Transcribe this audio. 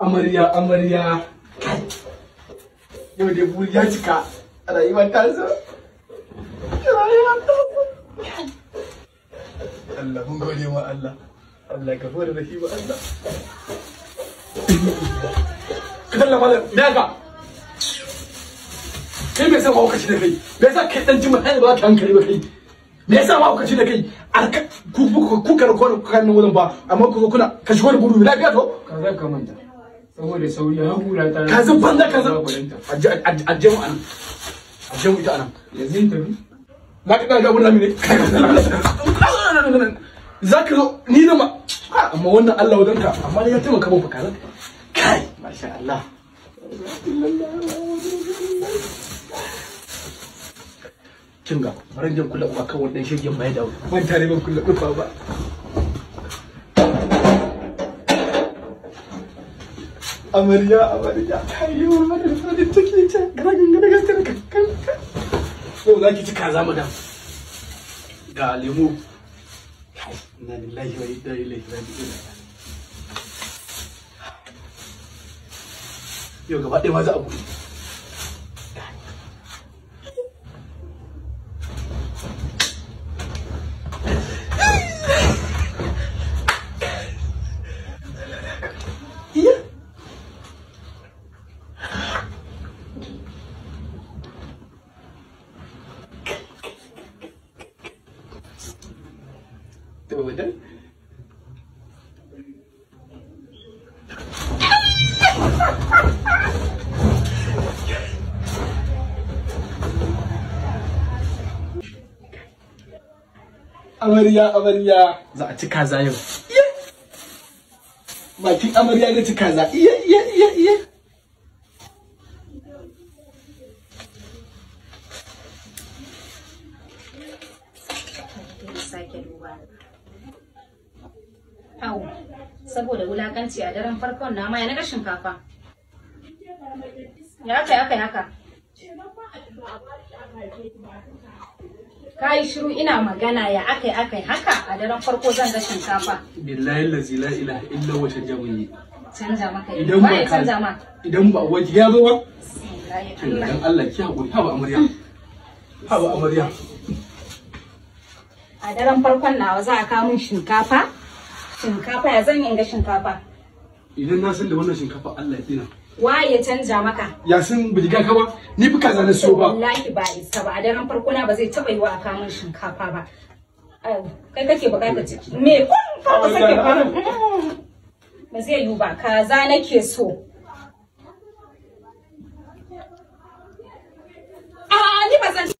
amarya amarya yau da buri ya cika rayuwar ta zo rayuwar ta Allah mun gode wa Allah Allah ka fara da shi wa Allah kalla malam daga kai me yasa mahaukaci da kai me yasa kai dan jima ɗaya ba ka hankali ba kai me yasa mahaukaci da kai ku kuka rikon kanin wurin ba amma ku zo kuna ka shigo da gudu lafiya to ka zai ka manta saboda sauri na hula ta ka zan banza ka zan ajje mu anan ita anan yanzu in tafi ka ga abun namine za ka zo ni da ma amma wannan Allah wajen ka amma ya taimaka mun baka kai masha Allah kinga barin kula kuma kan wannan shegen mai dawo ban tare ban kula ba amarya amarya kayo wannan fadin take ta garagin gada gaskar kankan yau na ki ci kaza madam ga lemu na lillahi wa inna ilaihi raji'un yau gaba ɗaya ma za a buɗe Tudan. Amarya, amarya. Za a ci kaza yau. Bakin amarya da ci kaza. Iya, iya, iya, iya. Thank you. Au, saboda wulakanci a daren farkon na maya na ga shinkafa. Ya kai ya haka haka. Ka yi shiru ina magana ya aka yi aka yi haka a daren farko zan ga shinkafa. Billahi lazi la ilaha illa wa canja mun yi. Canja maka Idan ba canja ma. Idan ba waje ya zo ba. dan Allah ki ha ba amarya. ba amarya. A daren farkon nawa za a kawo min shinkafa. Shinkafa ya zan yi ga shinkafa. Idan na san da wannan shinkafa Allah ya tsina. Wa ya canja maka? Ya san biliga ka ba? Ni fi kaza na siyo ba. Wallahi ba isa ba. A daren farko na ba zai taɓa yi wa a kamun shinkafa ba. Kai kake bukatar ciki. Me kun fa ku sake fara? Ba zai yiwu ba. Kaza ke so.